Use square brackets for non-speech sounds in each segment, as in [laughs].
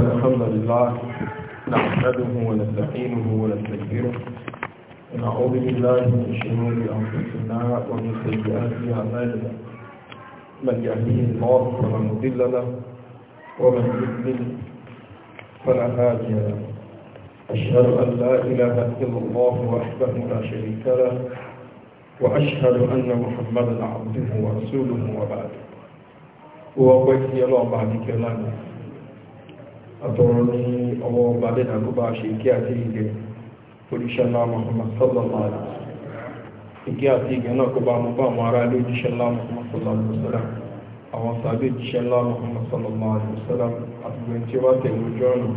الحمد لله نحمده ونستعينه ونستغفره ونعوذ بالله من شرور انفسنا ومن سيئات اعمالنا من يهديه الله فلا مضل له ومن يضلل فلا هادي له اشهد ان لا اله الا الله وحده لا شريك له واشهد ان محمدا عبده ورسوله وبعد وقيت يا الله بعد كلامه àtọ̀rọ̀ ní ọmọ ọba dẹ́nà kó bá ṣe kí àti ìgẹ̀ oríṣẹ́lá Muhammad sallallahu alaihi wasallam ìgẹ́ àti ìgẹ̀ náà kó bá mú bá àwọn ará ilé ojíṣẹ́lá Muhammad sallallahu alaihi àwọn sàbí ojíṣẹ́lá Muhammad sallallahu alaihi wasallam tí ó bá tẹ̀lé ojú ọ̀nà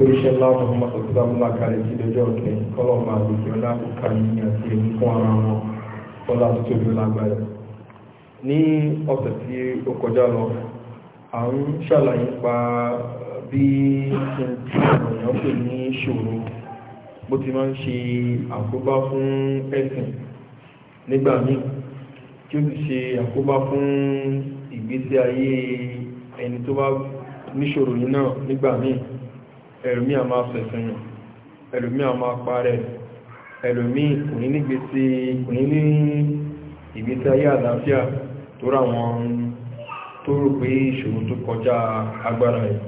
oríṣẹ́lá Muhammad sallallahu lákàlẹ̀ sí bí àwọn èèyàn pè ní ṣòro bó ti máa ń ṣe àkóbá fún ẹ̀sìn nígbà míì tí ó ti ṣe àkóbá fún ìgbésí ayé ẹni tó bá níṣòro yìí náà nígbà míì ẹlòmíì a máa fẹ̀sùn yàn ẹlòmíì a máa parẹ́ ẹlòmíì kò ní nígbésí kò ní ní ìgbésí ayé àlàáfíà tó ra wọn tó rò pé ìṣòro tó kọjá agbára yìí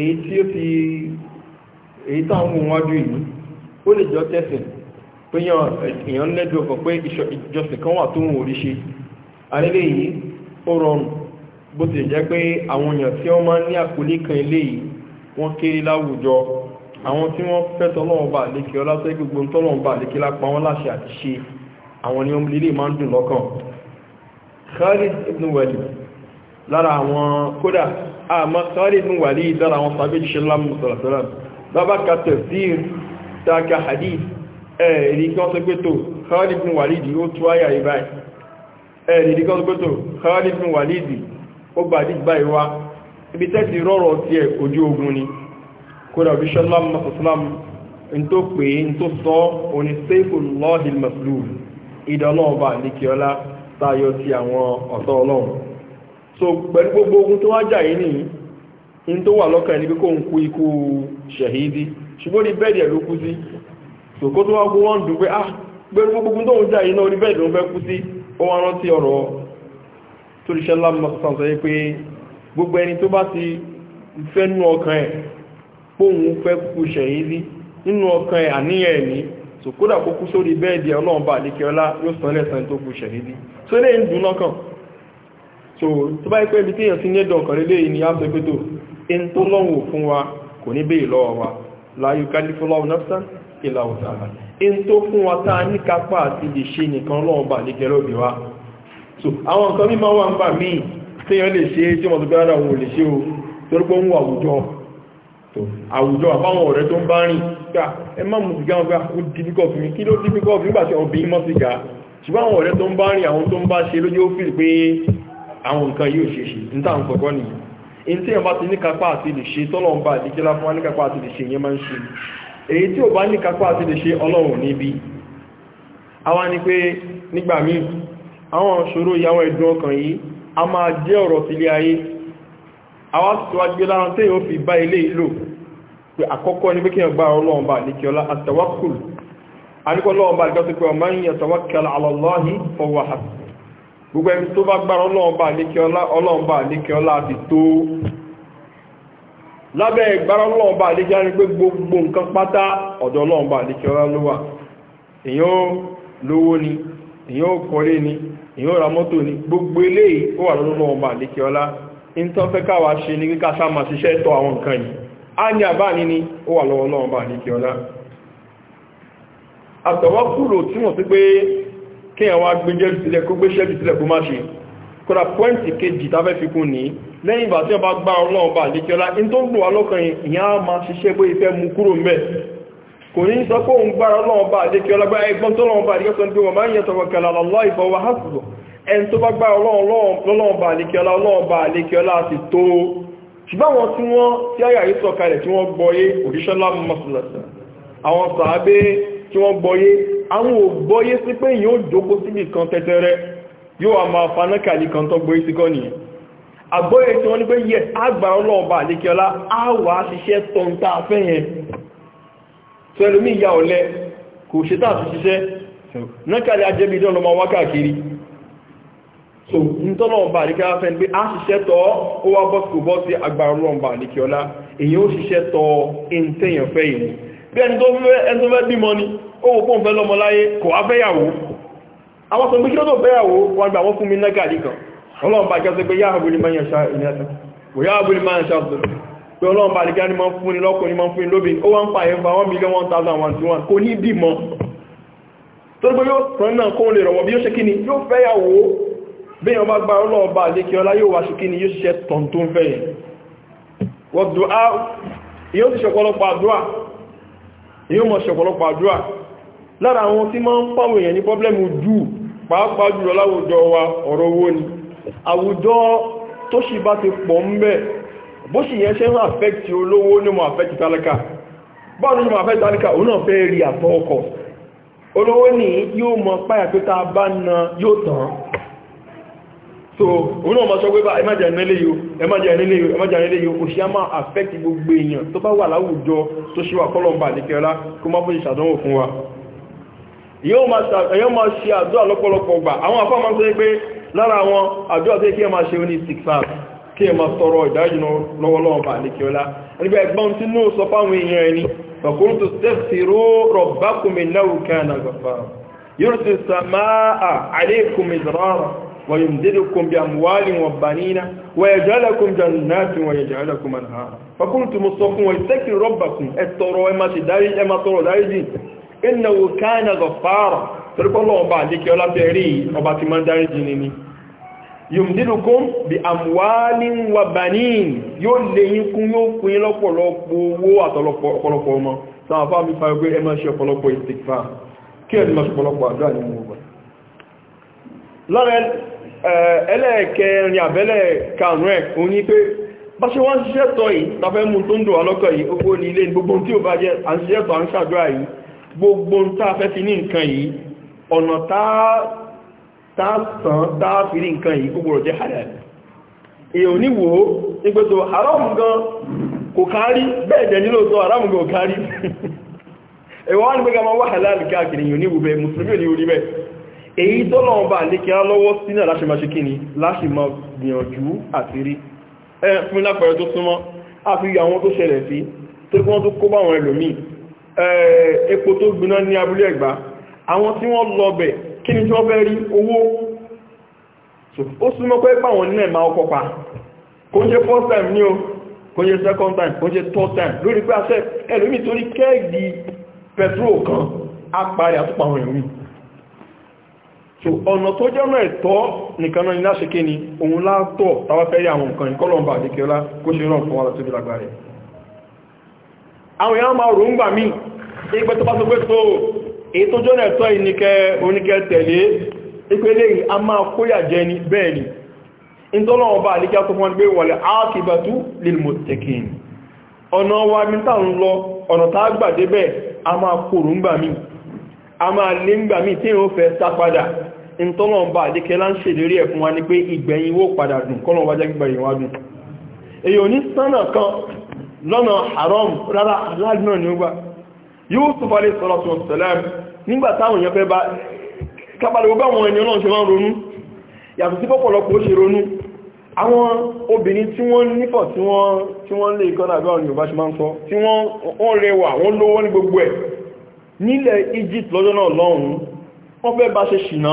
èyí tí ó fi èyí táwọn ohun wájú ìlú ó lè jọ tẹ́sìn pé èèyàn lẹ́dùn ọkàn pé ìjọsìn kan wà tó ń orí ṣe alẹ́lẹ́ yìí ó rọrùn bó ti jẹ́ pé àwọn èèyàn tí wọ́n máa ń ní àkólé kan ilé yìí wọ́n kéré láwùjọ àwọn tí wọ́n fẹ́ tọ́lọ́wọ́n bá lékè ọlá gbogbo tọ́lọ́wọ́n bá lékè lápá wọn láṣẹ àti ṣe àwọn ni wọ́n lè máa ń dùn lọ́kàn Khalid ibn Walid lára àwọn kódà àmọ́ ah, Khalid ibn Walid dára àwọn sàbẹ́jì ṣe lámùsọ̀rọ̀sọ̀rọ̀ bábá ka tafsir taka hadith ẹ̀rí kan sọ pé tó Khalid ibn Walid ó tú àyà ìbáyìí ẹ̀rí kan sọ pé tó Khalid ibn Walid ó gbàdí báyìí wá ibi tẹ́tì rọrọ̀ tí ẹ̀ ojú ogun ni kódà bí ṣọ́lám masaslam n tó pè é n tó sọ òní sẹ́fù lọ́ọ̀dì maslul ìdánlọ́ọ̀bà nìkíọ́lá tayọ ti àwọn ọ̀tọ́ ọlọ́run so pẹ̀lú gbogbo ogun tó wá jà yìí nìyí in tó wà lọ́kàn ní pé ń kú ikú ṣẹ̀hídí ṣùgbọ́n ní bẹ́ẹ̀dì ẹ̀ ló kú sí so kó tó wá kú wọ́n dùn pé ah pẹ̀lú gbogbo ogun tó ń jà yìí náà ní bẹ́ẹ̀dì ló fẹ́ kú sí ó wá rántí ọ̀rọ̀ tó lè ṣẹlá mọ̀sán sọ pé gbogbo ẹni so kódà kó kú sórí bẹ́ẹ̀dì ọlọ́run bá àdékẹ́ ọlá yóò san lẹ́sàn tó kú ṣẹ̀hídí so tó bá ipẹ́ ibi tí èyàn ti ní ẹ̀dọ̀ ọ̀kan lélẹ́ ìní àpẹpẹtò in tó lọ́wọ́ fún wa kò ní bèèrè lọ́wọ́ wa láyé kálífọ́láwọ́ náfsán ìlà òtàrà in tó fún wa táa ní kápá àti lè ṣe nìkan lọ́wọ́ so àwọn nǹkan mímọ́ wà ń bà míì téèyàn lè ṣe tí wọ́n tó bẹ́ rárá òun lè ṣe o torí pé ń wà àwùjọ àwùjọ àbáwọn ọ̀rẹ́ tó ń bá rìn gbà ṣùgbọ́n àwọn ọ̀rẹ́ tó ń bá rìn àwọn tó ń bá ṣe lójú ó fìlì pé àwọn nǹkan yóò ṣe ṣe ní táwọn sọ̀rọ̀ nìyí èyí tí èèyàn bá ti ní kápá àti lè ṣe tọ́lọ́run bá fún wa ní àti lè ṣe ìyẹn máa ń ṣe èyí tí ò bá ní àti lè ṣe ọlọ́run níbi àwa ni pé nígbà míì àwọn ìyàwó ẹ̀dùn ọkàn yìí a máa jẹ́ ọ̀rọ̀ sílé ayé àwa wá gbé lára fi bá ilé ìlò pé àkọ́kọ́ ọgbà ọlọ́run bá gbogbo ẹni tó bá gbára ọlọ́ọ̀bà níkẹ́ ọlá àti tó lábẹ́ ìgbára ọlọ́ọ̀bà níkẹ́ ọlá pé gbogbo nǹkan pátá ọ̀dọ̀ ọlọ́ọ̀bà níkẹ́ ọlá ló wà èyàn ó lówó ni èyàn ó kọ́lé ni èyàn ra mọ́tò ni gbogbo eléyìí ó wà lọ́wọ́ kí àwọn agbẹjẹ́rì sílẹ̀ kó gbé ṣẹ́bì sílẹ̀ kó má ṣe kódà pọ́ǹtì kejì tafẹ́ fi kún ní lẹ́yìn ìgbà tí wọ́n bá gbá ọlọ́run bá lékiọlá in tó ń lò wá lọ́kàn ìyá máa ṣiṣẹ́ bó ifẹ́ mú kúrò mẹ́ kò ní sọ pé òun gbá ọlọ́run bá lékiọlá ọlọ́run tí wọ́n gbọ́yé àwọn ò gbọ́yé sí pé yíò jókòó síbì kan tẹ́tẹ́rẹ́ yóò àmà fanákàlì kan tó gbọ́yé sí kọ́ nìyẹn àgbọ́yé tí wọ́n ní pé yẹ agbára ọlọ́ọ̀bà àdékíọlá á wà ṣiṣẹ́ tọ́ntà fẹ́yẹn kò sise naka so n tọ́lọ̀ọ̀bà àdékíọlá bí ẹni tó fẹ́ bímọ ni ó wò pọ́n fẹ́ lọ́mọ láyé kò á fẹ́yàwó àwọn sọ pé kí ló tó fẹ́yàwó wọn gbà wọ́n fún mi nẹ́gàdì kan ọlọ́run bá jẹ́ pé yáàbù ni máa ń ṣá ìrẹsẹ̀ kò yáàbù ni máa ń ṣá ọ̀sẹ̀ pé ọlọ́run bá lè gá ní máa ń fún ni lọ́kùnrin máa ń fún ni lóbi ó wá ń pààyẹ fa 1 million 1001 kò ní bímọ torí pé yóò tán náà kó lè rọ̀wọ̀ bí ti ṣọ̀pọ̀lọpọ̀ àdúrà yíò mọ̀ ṣọ̀pọ̀lọpọ̀ àdúrà lára àwọn tí máa ń pàwọn èèyàn ní pọ́blẹ́mù jù pàápàá jùlọ láwùjọ wa ọ̀rọ̀ owó ni àwùjọ tó ṣì bá ti pọ̀ ń bẹ̀ bó sì yẹn ṣe ń àfẹ́kì olówó ní mọ̀ àfẹ́kì tálákà báwọn ní mọ̀ àfẹ́kì tálákà òun náà fẹ́ rí àtọ́ ọkọ̀ olówó ní yóò mọ̀ páyà pé ta bá na yóò so òun náà ma sọ pé bá ẹmájà nílé yóò ẹmájà nílé yóò ẹmájà nílé yóò òṣì á máa affect gbogbo èèyàn tó bá wà láwùjọ tó ṣíwà kọlọmbà nìkẹ́ọ́lá kó má fún ìṣàdánwò fún wa èyàn máa ṣe àdúrà lọ́pọ̀lọpọ̀ gbà àwọn afọ́ máa ń sọ pé lára àwọn àdúrà tó kí ẹ máa ṣe ní six five kí ẹ máa tọrọ ìdájú lọ́wọ́lọ́wọ́ bá nìkẹ́ọ́lá nígbà ẹgbọ́n tí ní ó sọ fáwọn èèyàn ẹni ọkùnrin tó stẹ́fì ró rọ̀bákùnmí náà kẹ́ ويمددكم بأموال وبنين ويجعلكم جنات ويجعلكم أنهارا فكنتم الصفون واستكروا ربكم اتروا اما تداري اما تروا داري إنه كان غفارا تركوا الله أبا لك يولا تهري أبا تمان داري جنيني يمددكم بأموال وبنين يوليكم يوكم يلقوا لقوا واتلقوا لقوا سافا بفاقوا اما شفوا لقوا استكفار كيف ما شفوا لقوا أداني موبا لغل Eh, ẹlẹ́ẹ̀kẹrin àbẹ́lẹ̀ karùn-ún ẹ̀ òun ni pé bá ṣe wọ́n ṣiṣẹ́ tọ́ yìí tafẹ́ mú tó ń dùn alọ́kọ̀ yìí ó ní ilé gbogbo tí ó bá jẹ́ à ń ṣiṣẹ́ tọ́ à ń ṣàdúrà yìí gbogbo tá fẹ́ fi ní nǹkan yìí ọ̀nà tààtàn tààfi ní nǹkan yìí gbogbo jẹ́ halal èèyàn [laughs] èyí tó lọ́wọ́ bá lè kí á lọ́wọ́ sí náà láṣe máa ṣe kí ni láṣe máa gbìyànjú àti rí ẹ fún lápẹẹrẹ tó súnmọ́ a fi yọ àwọn tó ṣẹlẹ̀ sí tó kí wọ́n tó kó báwọn ẹlòmí epo tó gbiná ní abúlé Ẹ̀gbá àwọn tí wọ́n lọ bẹ̀ kí ni tí wọ́n fẹ́ rí owó ó súnmọ́ pé báwọn náà máa ọkọ̀ pa kò ń ṣe first time ní o kò ń ṣe second time kò ń ṣe third time lórí pé àṣẹ so ọ̀nà tó jọ́nà ẹ̀tọ́ nìkan náà láṣe kí ni òun látọ̀ tàwáfẹ́rí àwọn nǹkan ìkọlọ̀mbà àdékẹ́ọlá kó ṣe rán fún ọ̀rọ̀ rẹ̀ àwọn èèyàn máa rò ń gbà mí tó bá sọ pé tó èyí tó ẹ̀tọ́ ìníkẹ́ a máa lọ kòrò ń gbà mí a máa ń gbà mí tí fẹ́ ìtọ́lọ̀mbà àdíkẹ́lá ń ṣèlérí ẹ̀ fún wa ní pé ìgbẹ̀yìn wó padà dùn kọ́lọ̀wà jẹ́ gbẹ̀yìn wá dùn èyí ò ní sánà kan lọ́nà haram rárá aládùnà ni ó gbà Yusuf alayhi salatu wassalam nígbà táwọn èèyàn fẹ́ bá kábàlẹ̀wó bá wọn ènìyàn náà ṣe máa ronú yàtọ̀ sí pọ́pọ̀lọpọ̀ ó ṣe ronú àwọn obìnrin tí wọ́n nífọ̀ tí wọ́n lè ní gbogbo nílẹ̀ Egypt lọ́jọ́ náà lọ́hùn wọ́n fẹ́ bá ṣe ṣìnà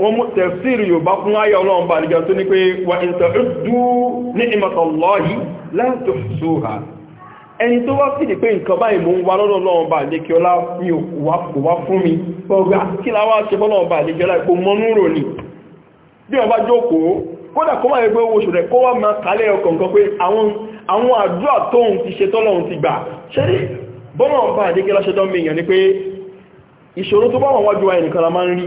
wọ́n mú tẹ̀sírì Yorùbá fún ayé ọlọ́run bá nígbà tó ní pé wà ìtàdú ní ìmọ̀tàlọ́yí látòsóhà ẹni tó wá sí pé nǹkan báyìí mú wa lọ́dọ̀ ọlọ́run bá lè kí ọlá mi ò wá fún mi ọgbà kí láwá ṣe fọ́lọ́run bá lè kí ọlá ipò mọ́nú rò ní bí wọ́n bá jókòó kódà kó máa yẹ pé oṣù rẹ̀ kó ni pé ìṣòro tó bá wọn wájú ẹnìkan la máa ń rí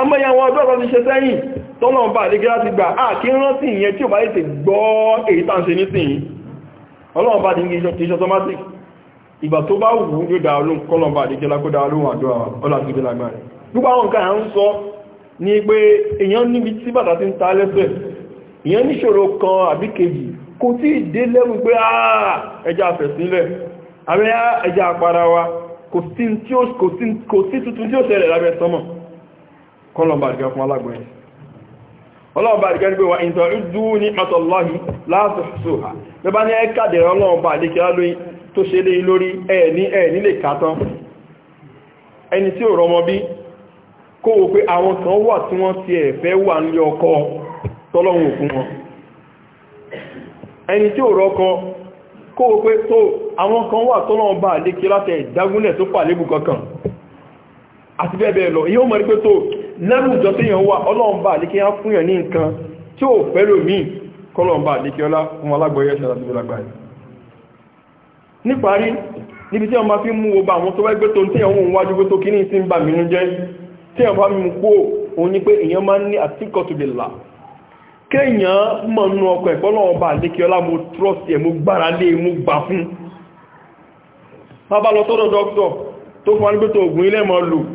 àmọ́ ya wọn ọdọ́ ọ̀rọ̀ ti ṣe sẹ́yìn tọ́nà bá àdígẹ́ láti gbà á kí rántí ìyẹn tí ò bá lè gbọ́ èyí tàà ń ṣe nísìnyí ọlọ́run bá dínkì iṣẹ́ automatic ìgbà tó bá wù yóò dá olóhùn kọ́nà bá àdígẹ́ lákódá olóhùn àdúrà ọlàgbẹ́gbẹ́ lágbàrẹ̀ gbogbo àwọn nǹkan à ń sọ ni pé èèyàn níbi tí bàtà ti ń ta lẹ́sẹ̀ èèyàn níṣòro kan àbí kejì kò tí ì dé lẹ́rù pé ẹja àfẹ̀sílẹ̀ àbẹ́yà ẹja àparawa kò sí tuntun tí ó ṣẹlẹ̀ lábẹ́ sọ́mọ̀ kọlọ̀mbà àdìgá fún alágbọ́n ọlọ́ọ̀bà àdìgá nígbé wa ìntọ̀ ìdú ní mọ́tọ̀lọ́hì láàtọ̀sọ́hà tó bá ní ẹ́kàdẹ̀ ọlọ́ọ̀bà àdìkẹ́lá tó ṣe lé lórí ẹ̀ẹ̀ní ẹ̀ẹ̀ní lè kàtán ẹni tí ò rọmọ bí kó wò pé àwọn kan wà tí wọ́n ti ẹ̀fẹ́ wà nílé ọkọ tọ́lọ́hun òkun wọn ẹni tí ò rọkọ kó wò pé tó àwọn kan wà tọ́lọ́hun bá àdékí látẹ̀ ìdágúnlẹ̀ tó pàlébù kankan àti bẹ́ẹ̀ bẹ́ẹ̀ lọ yíò mọ̀ ní láwùjọ tí yàn wà ọlọ́ọ̀bà àdíkẹ́ á fún yàn ní nǹkan tí ó fẹ́rò míì kọlọ̀ọ̀bà àdíkẹ́ ọlá fún alágbọ̀yẹ́ ṣe àti ìlágbàáyé níparí níbi tí wọ́n bá fi mú gbogbo àwọn tó wẹ́gbẹ́ tó ń tí àwọn òǹwájú pé tó kí ní ìsìn bà mínú jẹ́ tí trust ẹ̀ mo gbára lé e, mo gbà fún bàbá lọ sọ́dọ̀ dókítọ̀ tó fún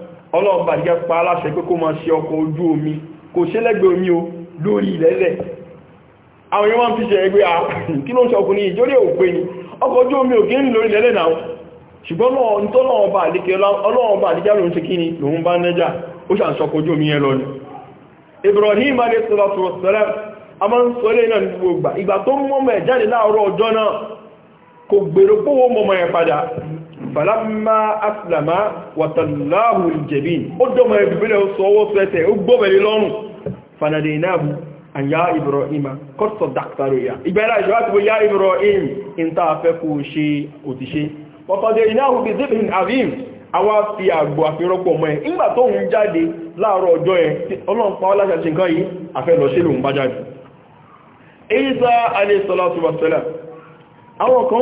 ọlọ́ọ̀bà jẹ́ pa aláṣẹ pé kó máa ṣe ọkọ̀ ojú omi kò ṣe lẹ́gbẹ̀ẹ́ omi o lórí ilẹ̀lẹ̀ àwọn èèyàn wọ́n fi ṣe ẹgbẹ́ ah, kí ló ń ṣọkùn ní ìjórí òpé ni ọkọ̀ ojú omi ò kí lórí ilẹ̀lẹ̀ náà ṣùgbọ́n ọlọ́ọ̀bà omi a máa ń sọ ilé náà ní gbogbo fàlámà asìlámà wàtàláhù ìjẹ̀bí ó dọ́mọ̀ ẹgbẹ̀rẹ̀ o ọwọ́ sẹ́tẹ̀ ó gbọ́bẹ̀rẹ̀ lọ́rùn fanadé náà àyá ìbìrọ̀ìmá kọ́sọ̀ dákítàrò ìyá ìgbẹ̀rẹ̀ àjọ́ àti bóyá ìbìrọ̀ìm in ta fẹ́ kó ṣe òtíṣe ọ̀tọ̀dẹ̀ ináhù bí zibin avim awa fi àgbò àfirọ́pọ̀ mọ́ ẹ̀ ìgbà tó ń jáde láàárọ̀ ọjọ́ ẹ̀ ọlọ́run pa ọlá ṣàṣe nǹkan yìí àfẹ́ lọ ṣe lòun bá jáde Isa alayhi salatu wassalam kan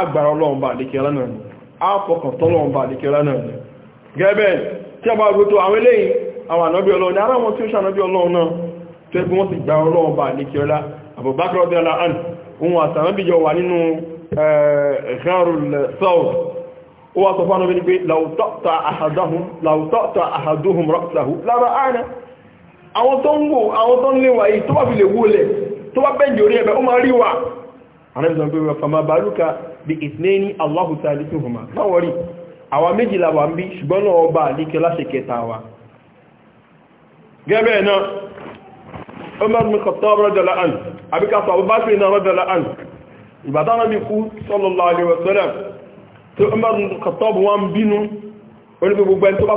agbára ọlọ́ọ̀bà àdíkẹ́lá náà ni a fọkàn tọ́lọ́ọ̀bà àdíkẹ́lá náà ni gẹ́gẹ́ tí a bá gbótó àwọn eléyìn àwọn ànábí ọlọ́run ara wọn tí ó sànábí ọlọ́run náà tó ẹgbẹ́ wọ́n sì gba ọlọ́ọ̀bà àdíkẹ́lá Abubakar ọdẹ́lá àn ohun àtànábí jọ wà nínú ẹ̀ẹ́rùn sọ́ọ̀ ó wá sọ fánà wípé láwùtọ́ta àhàdóhùn rọ́pùtàhù lára ààrẹ àwọn tó ń wò àwọn tó ń léwà yìí tó bá bí ìsìnlẹ́ni Allahu talisuhuma má wọ́rí àwa méjìlá wà ń bí ṣùgbọ́n náà ọba àlíkẹ́ láṣẹ kẹta wa gẹ́bẹ̀ẹ́ náà Umar bin Khattab radiyallahu anhu àbíkàtà Abubakar náà radiyallahu anhu ìbàdá náà bí kú sallallahu alaihi wasallam tó Umar bin Khattab wọn bínú onígbé gbogbo ẹni tó bá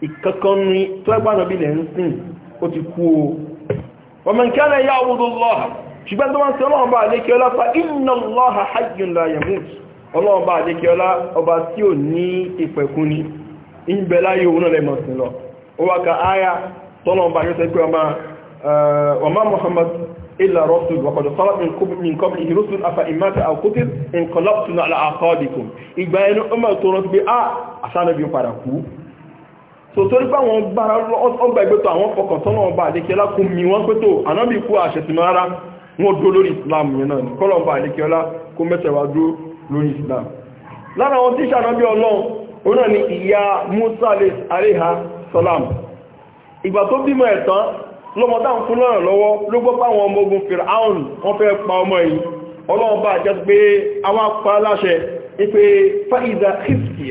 ìkankan ní tó ẹgbà nàbí lẹ̀ ń sìn ó ti kú o ọmọ nǹkan náà yá lọ́ha ṣùgbọ́n tó wọ́n sí ọlọ́run àdékẹ́ ọlá fa inna Allaha hayyun la yamut ọlọ́run bá àdékẹ́ ọlá ọba tí ò ní ìpẹ̀kún ni ìbẹ̀ láyé òun náà lẹ́mọ̀ sí lọ ó wá Muhammad illa rasul wa qad khalat min qablihi rusul imata aw qutil inqalabtum ala aqabikum ìgbà ẹnu ọmọ tó rántí a ah, àṣà náà tòtórí pé àwọn gbára ọgbà ìgbẹ́tọ̀ àwọn fọkàn tọ́nà ọba àdékẹ́lá kò mí wọ́n pé tó ànábì kú àṣẹ̀tìmọ́ rárá wọ́n dúró lórí islam yẹn náà kọ́lọ̀ ọba àdékẹ́lá kó mẹ́tẹ̀wá dúró lórí islam lára àwọn tí sànábí ọlọ́run ó náà ni ìyá musa aléha salam ìgbà tó bímọ ẹ̀tán lọ́mọdá ń fún lọ́rọ̀ lọ́wọ́ ló gbọ́ páwọn ọmọ ogun firaun wọ́n fẹ́ pa ọmọ yìí ọlọ́run bá jẹ́ pé àwọn apá aláṣẹ pé fáìdà kìsìkì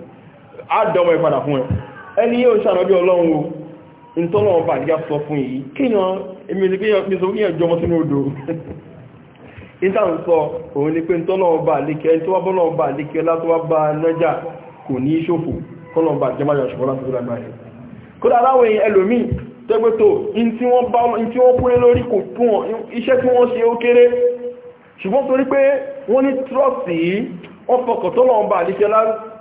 àdọ́mọ̀ ìpadà fún ẹ ẹni yóò ṣàrọ́bí ọlọ́run ìtọ́lọ́wọ́n bá dígá sọ fún yìí kíyàn èmì ní kíyàn jọmọ sínú odò [laughs] ìtàn sọ òun ni pé ìtọ́lọ́wọ́n bá lékẹ́ tó wá bọ́lọ́wọ́n bá lékẹ́ látó wá bá nájà kò ní ṣòfò kọ́lọ́wọ́n bá jẹmájà ṣòfò láti tó lágbàáyé kódà láwọn èèyàn ẹlòmíì tẹ́gbẹ́tò in tí wọ́n kúrẹ́ lórí kò fún wọn iṣẹ́ tí wọ́n ṣe ó kéré ṣùgbọ́n torí pé wọ́n ní trọ́ọ̀sì yìí wọ́n fọkàn tọ́lọ́wọ́n bá lékẹ́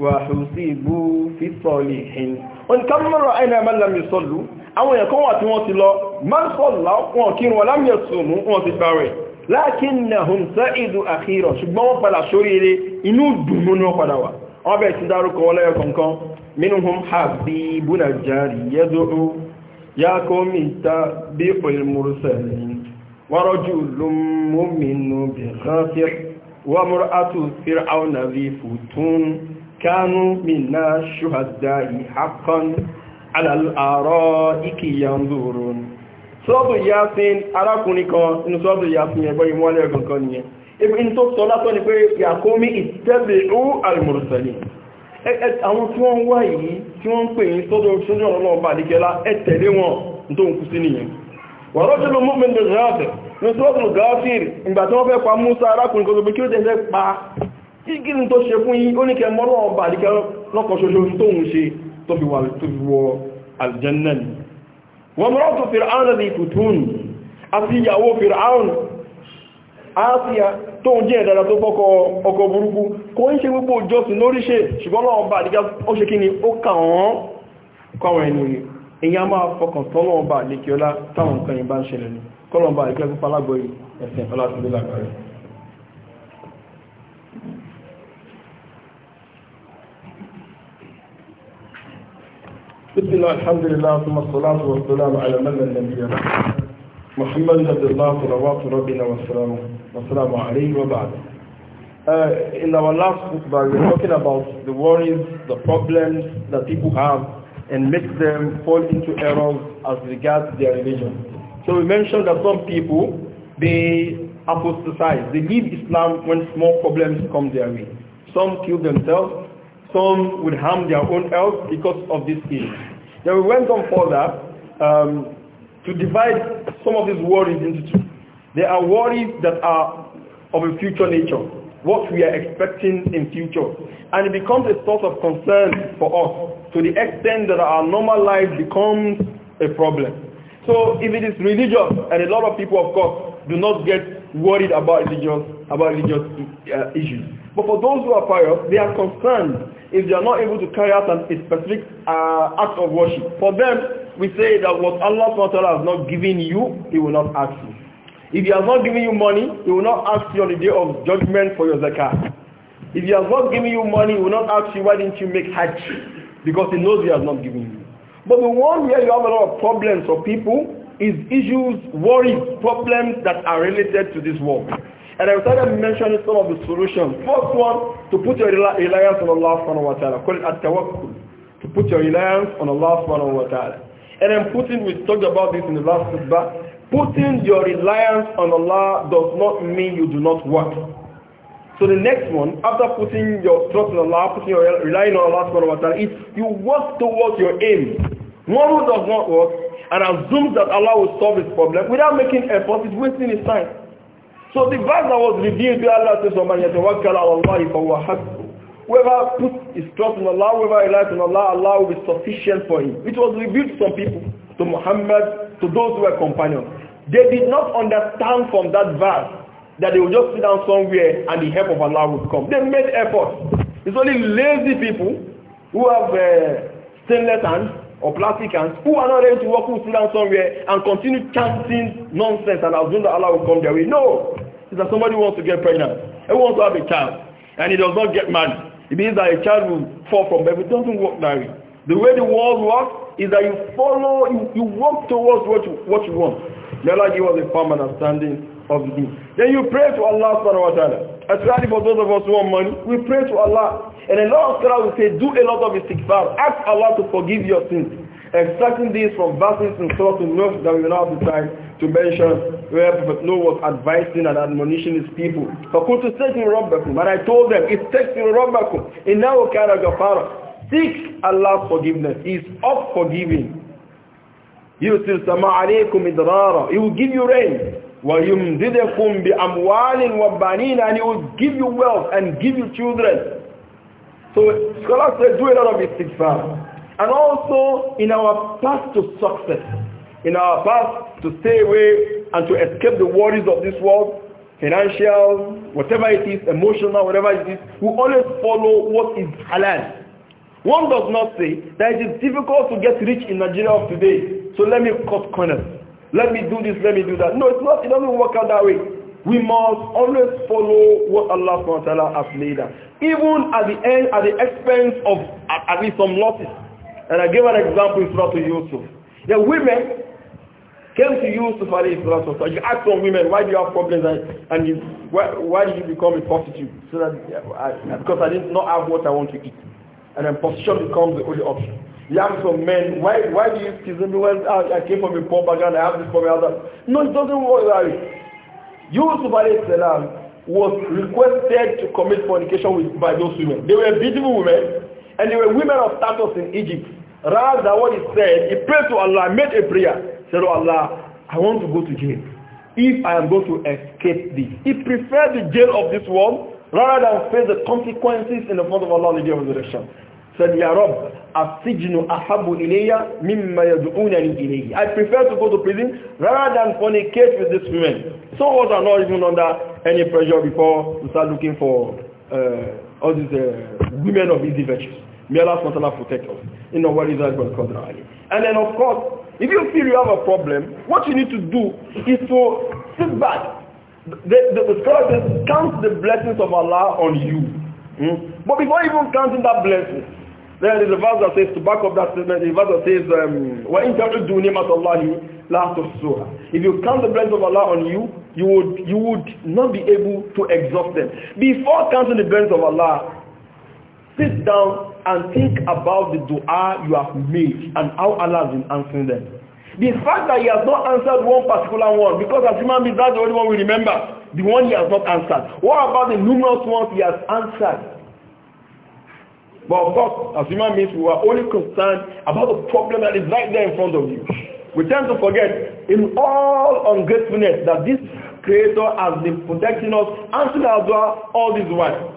wàhùsíbú fífọ́lì hìn wọ́n ni kámọ́rọ̀ àìní àmàlàmì sọ́lù àwọn èèyàn kan wà tí wọ́n ti lọ máa sọ́lá wọn kírun wọn lámì ẹ̀sùnmú wọn ti gbà rẹ̀ láàkín bí olùmùrùsẹ̀lẹ̀ wárọ́jú lùmọ́mìnú bẹ̀rẹ̀ fùtún كانوا منا الشهداء حقا على الارائك ينظرون sọ́bù yasin arákùnrin kan inú sọ́bù yasin ẹgbẹ́ ìmọ́lẹ̀ ẹ̀gbọ̀n kan nìyẹn ibi in tó sọ látọ́ ni pé yàkómi ittabi'u al-mursalin àwọn tí wọ́n wá yìí tí wọ́n ń pè ní sọ́dọ̀ ṣúnjọ́ ọlọ́ọ̀bà kí kí tó ṣe fún yí ó ní kẹ mọ́rọ̀ ọba àdíkẹ́ lọ́kọ̀ ṣoṣo tó ṣe tó fi wọ aljanna ni wọ́n mọ́rọ̀ tó Fir'aun àti ìfùtún àti ìyàwó Fir'aun Asiya tó ń jẹ́ ìdára tó fọ́kọ ọkọ burúkú kò ń ṣe gbogbo ìjọsìn lórí ṣe ṣùgbọ́n lọ́wọ́ bá àdíkẹ́ ó ṣe kí ni ó kà wọ́n kọwàá ẹnu ni èyí a máa fọkàn tọ́lọ́wọ́ bá àdíkẹ́ ọlá táwọn nǹkan بسم الله الحمد لله ثم الصلاة والسلام على من لا نبي محمد رضي الله صلوات ربنا والسلام والسلام عليه وبعد uh, in our last book we were talking about the worries the problems that people have and make them fall into errors as regards their religion so we mentioned that some people they apostatize they leave Islam when small problems come their way some kill themselves Some would harm their own health because of this issue. Then we went on further um, to divide some of these worries into two. There are worries that are of a future nature, what we are expecting in future. And it becomes a source of concern for us to the extent that our normal life becomes a problem. So if it is religious, and a lot of people, of course, do not get worried about religious, about religious uh, issues. But for those who are pious, they are concerned if they are not able to carry out a specific uh, act of worship. For them, we say that what Allah SWT has not given you, He will not ask you. If He has not given you money, He will not ask you on the day of judgment for your zakah. If He has not given you money, He will not ask you why didn't you make hajj? Because He knows He has not given you. But the one where you have a lot of problems for people is issues, worries, problems that are related to this world. And I started mentioning some of the solutions. First one, to put your reliance on Allah subhanahu wa ta'ala. Call it at-tawakkul. To put your reliance on Allah subhanahu wa ta'ala. And then putting, we talked about this in the last khutbah, putting your reliance on Allah does not mean you do not work. So the next one, after putting your trust in Allah, putting your relying on Allah subhanahu wa ta'ala, is you work towards your aim. One who does not work and assumes that Allah will solve his problem without making efforts is wasting his time. So the verse that was revealed to Allah says, "O وَمَنْ يَتَوَكَّلَ عَلَى Allah فَهُوَ حَسْبُهُ Whoever puts his trust in Allah, whoever relies on Allah, Allah will be sufficient for him. It was revealed to some people, to Muhammad, to those who were companions. They did not understand from that verse that they will just sit down somewhere and the help of Allah will come. They made effort. It's only lazy people who have uh, stainless hands or Africans who are not ready to walk with Sudan somewhere and continue chanting nonsense and assume that Allah will come their way. No! It's that somebody wants to get pregnant He wants to have a child and he does not get married. It means that a child will fall from birth. It doesn't work that way. The way the world works is that you follow, you, you work towards what you, what you want. May Allah give us a firm understanding of the deen. Then you pray to Allah subhanahu wa ta'ala especially for those of us who have money, we pray to Allah. And a lot of scholars will say, do a lot of istighfar. Ask Allah to forgive your sins. Extracting this from verses and thoughts to Nuh that we will not have the time to mention where Prophet Noah was advising and admonishing his people. فَقُلْتُ سَيْتِنْ رَبَّكُمْ But I told them, إِسْتَكْتِنْ رَبَّكُمْ إِنَّهُ كَانَ غَفَارًا Seek Allah's forgiveness. He is of forgiving. يُسِلْ سَمَا عَلَيْكُمْ إِدْرَارًا He will give you rain وَيُمْدِدَكُمْ بِأَمْوَالٍ وَبَنِينَ And he will give you wealth and give you children. So scholars say do a lot of istighfar. And also in our path to success, in our path to stay away and to escape the worries of this world, financial, whatever it is, emotional, whatever it is, we always follow what is halal. One does not say that it is difficult to get rich in Nigeria of today, so let me cut corners let me do this, let me do that. No, it's not, it doesn't work out that way. We must always follow what Allah subhanahu wa ta'ala has laid out. Even at the end, at the expense of at, least some losses. And I gave an example in front to Yusuf. The women came to Yusuf alayhi salatu wa You ask some women, why do you have problems and, and you, why, why did you become a prostitute? So that, I, because I did not have what I want to eat and then prostitution becomes the only option. You have some men, why why do you tease me? Well, I, I came from a poor background, I have this problem, I have No, it doesn't work that way. Yusuf salam was requested to commit fornication with, by those women. They were beautiful women, and they were women of status in Egypt. Rather than what he said, he prayed to Allah, made a prayer, he said, oh Allah, I want to go to jail. If I am going to escape this. He preferred the jail of this world rather than face the consequences in the front of Allah on the day of resurrection. Said, Ya Rabb, Asijnu ahabu ilayya mimma yadu'unani ilayhi. I prefer to go to prison rather than fornicate with these women. Some of us are not even under any pressure before we start looking for uh, all these uh, women of easy virtues. May Allah SWT protect us. You know what is that In our worries, And then of course, if you feel you have a problem, what you need to do is to sit back the, the, the scholar says, count the blessings of Allah on you. Hmm? But before even counting that blessing, there is a verse that says, to back up that statement, the verse that says, um, وَإِنْ تَعُدُّ نِعْمَةَ اللَّهِ of تُحْصُوهَا If you count the blessings of Allah on you, you would, you would not be able to exhaust them. Before counting the blessings of Allah, sit down and think about the dua you have made and how Allah has been answering them. The fact that he has not answered one particular one, because as human beings, that's the only one we remember, the one he has not answered. What about the numerous ones he has answered? But of course, as human beings, we are only concerned about the problem that is right there in front of you. We tend to forget in all ungratefulness that this Creator has been protecting us, answering our dua all this while.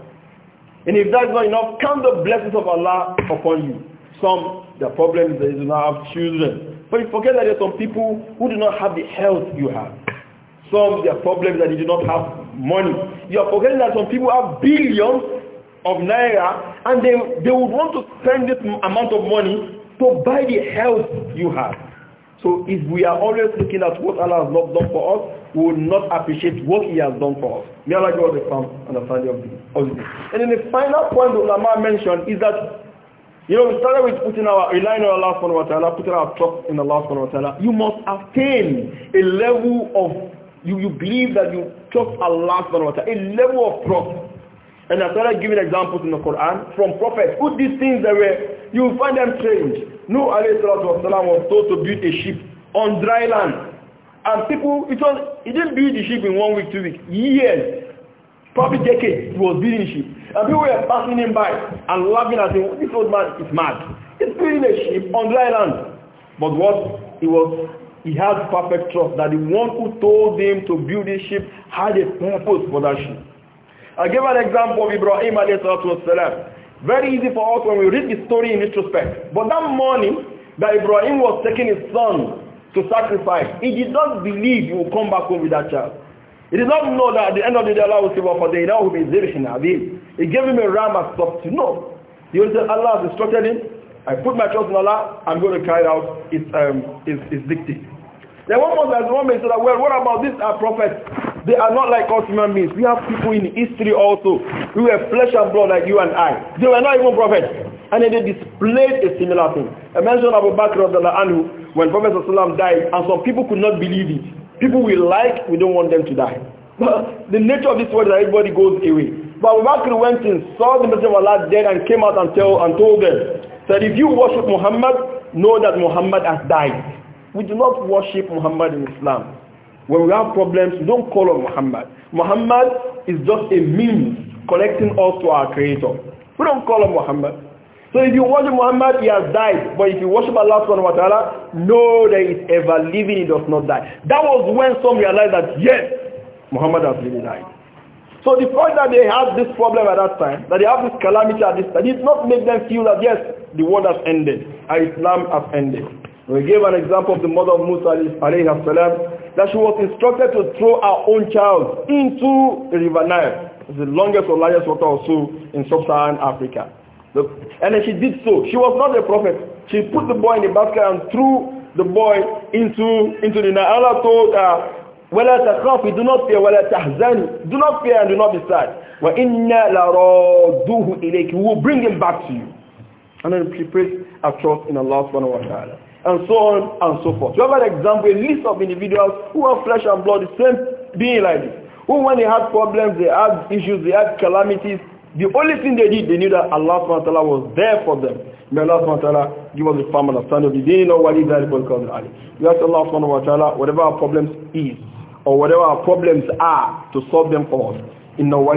And if that's not enough, count the blessings of Allah upon you. Some, the problem is that you do not have children. But you forget that there are some people who do not have the health you have. Some, their problems that they do not have money. You are forgetting that some people have billions of naira and they, they would want to spend this amount of money to buy the health you have. So if we are always looking at what Allah has not done for us, we will not appreciate what He has done for us. May Allah give us the understanding of this. And then the final point the ulama mentioned is that You know, we started with putting our relying on Allah subhanahu wa ta'ala, putting our trust in Allah subhanahu wa ta'ala. You must attain a level of you you believe that you trust Allah subhanahu wa ta'ala, a level of trust. And I started giving examples in the Quran from prophets Put these things that were you will find them strange. No alayhi salatu wasalam was told to build a ship on dry land. And people it was he didn't build the ship in one week, two weeks, years, probably decades he was building the ship. And people were passing him by and laughing at him. This old man is mad. He's building a ship on dry land. But what he was, he had perfect trust that the one who told him to build this ship had a purpose for that ship. I gave an example of Ibrahim alayhi salatu wasalam. Very easy for us when we read the story in retrospect. But that morning that Ibrahim was taking his son to sacrifice, he did not believe he would come back home with that child. He did not know that at the end of the day Allah will say, well, for the ilahu bi zirhin adil. He gave him a ram as to know. He will say, Allah has instructed him. I put my trust in Allah. I'm going to carry out its, um, its, its dictate. Then one person has one may say well, what about these our prophets? They are not like us human beings. We have people in history also who were flesh and blood like you and I. They were not even prophets. And then they displayed a similar thing. I mentioned Abu Bakr anhu when Prophet died and some people could not believe it. People we like, we don't want them to die. [laughs] But the nature of this world is that everybody goes away. But Abu Bakr went and saw the Messenger of Allah dead and came out and, tell, and told them that if you worship Muhammad, know that Muhammad has died. We do not worship Muhammad in Islam. When we have problems, we don't call on Muhammad. Muhammad is just a means connecting us to our Creator. We don't call on Muhammad. So if you worship Muhammad, he has died. But if you worship Allah subhanahu wa ta'ala, know that is ever living, he does not die. That was when some realized that, yes, Muhammad has really died. So the point that they have this problem at that time, that they have this calamity at this time, did not make them feel that yes, the world has ended, and Islam has ended. We gave an example of the mother of Musa alayhi salam, that she was instructed to throw her own child into the river Nile, the longest or largest water also in sub-Saharan Africa and then she did so. She was not a prophet. She put the boy in the basket and threw the boy into into the night. Allah told her, وَلَا تَخَافِ Do not fear, وَلَا تَحْزَنِ Do not fear and do not be sad. وَإِنَّا لَرَادُوهُ إِلَيْكِ We will bring him back to you. And then she prays a trust in Allah subhanahu wa ta'ala. And so on and so forth. You have an example, a list of individuals who are flesh and blood, the same being like this. Who when they had problems, they had issues, they had calamities, The only thing they did, they knew that Allah subhanahu wa ta'ala was there for them. May Allah subhanahu wa ta'ala give us a firm understanding of the deen of wali dhali bal qadr ali. We ask Allah subhanahu wa ta'ala whatever our problems is or whatever our problems are to solve them for us. In the wali